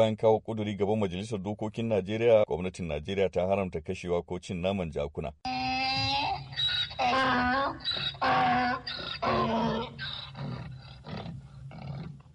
bayan kawo kuduri gaban majalisar dokokin najeriya gwamnatin najeriya ta haramta kashewa ko cin naman jakuna.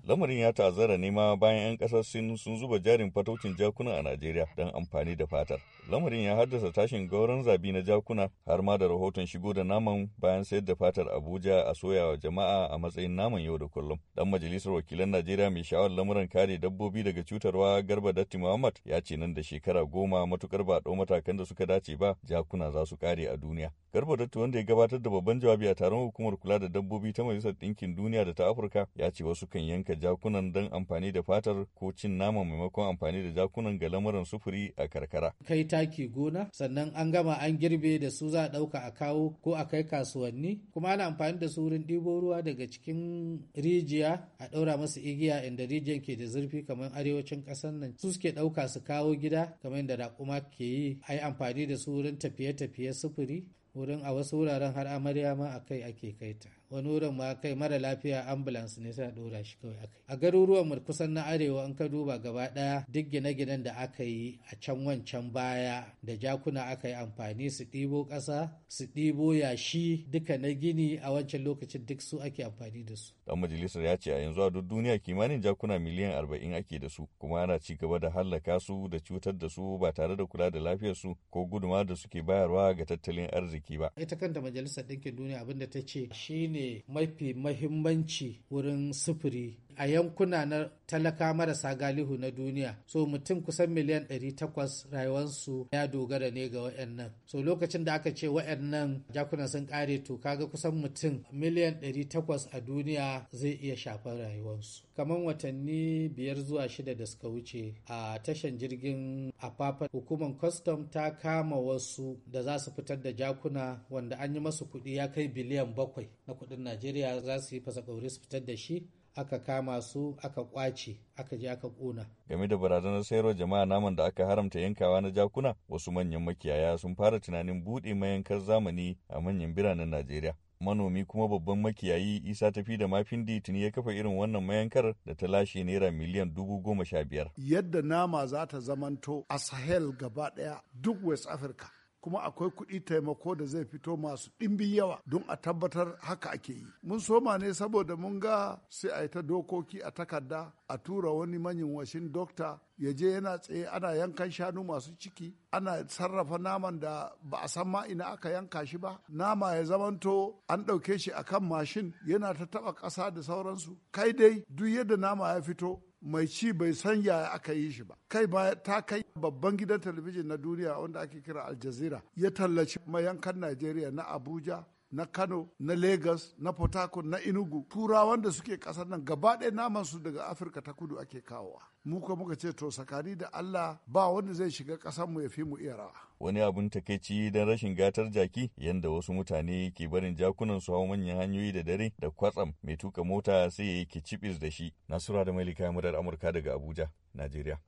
Lamarin ya ta'azzara nema bayan 'yan kasar Sin sun zuba jarin fataucin jakuna a Najeriya don amfani da fatar. Lamarin ya haddasa tashin gauran zabi na jakuna har ma da rahoton shigo da naman bayan sayar da fatar Abuja a soyawa jama'a a matsayin naman yau da kullum. Dan majalisar wakilan Najeriya mai sha'awar lamuran kare dabbobi daga cutarwa Garba Datti Muhammad ya ce nan da shekara goma matukar ba ɗau matakan da suka dace ba jakuna za su kare a duniya. Garba Datti wanda ya gabatar da babban jawabi a taron hukumar kula da dabbobi ta Majalisar Ɗinkin Duniya da ta Afirka ya ce wasu kan yanka jakunan don amfani da fatar ko cin nama maimakon amfani da jakunan ga lamuran sufuri a karkara. Kai taki gona sannan an gama an girbe da su za a ɗauka a kawo ko a kai kasuwanni kuma ana amfani da su wurin ɗibo ruwa daga cikin rijiya a ɗaura masu igiya inda rijiyan ke da zurfi kamar arewacin ƙasar nan su suke ɗauka su kawo gida kamar yadda raƙuma ke yi a yi amfani da su wurin tafiye-tafiye sufuri wurin a wasu wuraren har amarya ma a kai ake kaita. wani wurin ma kai mara lafiya ambulance ne sai dora shi kawai akai a garuruwan mu kusan na arewa an ka duba gaba daya duk gine-ginen da aka yi a can wancan baya da jakuna aka yi amfani su ɗibo ƙasa su ɗibo yashi duka na gini a wancan lokacin duk su ake amfani da su dan majalisar ya ce a yanzu a duk duniya kimanin jakuna miliyan arba'in ake da su kuma ana ci gaba da hallaka su da cutar da su ba tare da kula da lafiyar su ko guduma da suke bayarwa ga tattalin arziki ba ita kanta majalisar ɗinkin duniya abinda ta ce shine mafi mahimmanci wurin sufuri a yankuna na talaka marasa galihu na duniya so mutum kusan miliyan 800 rayuwarsu ya dogara ne ga wayannan so lokacin da aka ce wayannan jakuna sun kare to kaga kusan mutum miliyan 800 a duniya zai iya shafar rayuwarsu kamar watanni biyar zuwa shida da suka wuce a tashan jirgin afafa hukumar Custom ta kama wasu da za su fitar da jakuna wanda an yi masu kuɗi ya kai biliyan bakwai na kuɗin najeriya za su yi fasa su fitar da shi aka kama su aka kwace aka je aka kona. Game da barazanar sayarwa jama'a naman da aka haramta yankawa na jakuna wasu manyan makiyaya sun fara tunanin buɗe mayankar zamani a manyan biranen Najeriya. Manomi kuma babban makiyayi Isa tafi da mafindi tuni ya kafa irin wannan mayankar da ta lashe naira miliyan dubu goma sha biyar. Yadda nama za ta zamanto a Sahel gaba ɗaya duk West Africa kuma akwai kuɗi taimako da zai fito masu ɗimbin yawa don a tabbatar haka ake yi mun soma ne saboda mun ga sai a yi ta dokoki a takarda a tura wani manyan washin dokta ya je yana tsaye ana yankan shanu masu ciki ana sarrafa naman da ba a san ma ina aka yanka shi ba nama ya zamanto an ɗauke shi akan mashin yana ta taɓa ƙasa da sauransu kai dai duk yadda nama ya fito mai ci bai san yaya aka yi shi ba kai ba ta kai babban gidan talabijin na duniya wanda ake kira al jazeera ya tallaci mayankan najeriya na abuja na kano na lagos na potako na inugu turawan da suke kasar nan gaba ɗaya naman su daga afirka ta kudu ake kawowa mu kuma muka ce to sakari da allah ba wanda zai shiga ƙasar mu ya fi mu iya rawa wani abun takeici don rashin gatar jaki yadda wasu mutane ke barin jakunan su hau manyan hanyoyi da dare da kwatsam mai tuka mota sai ya yi da shi nasura da mailika murar amurka daga abuja najeriya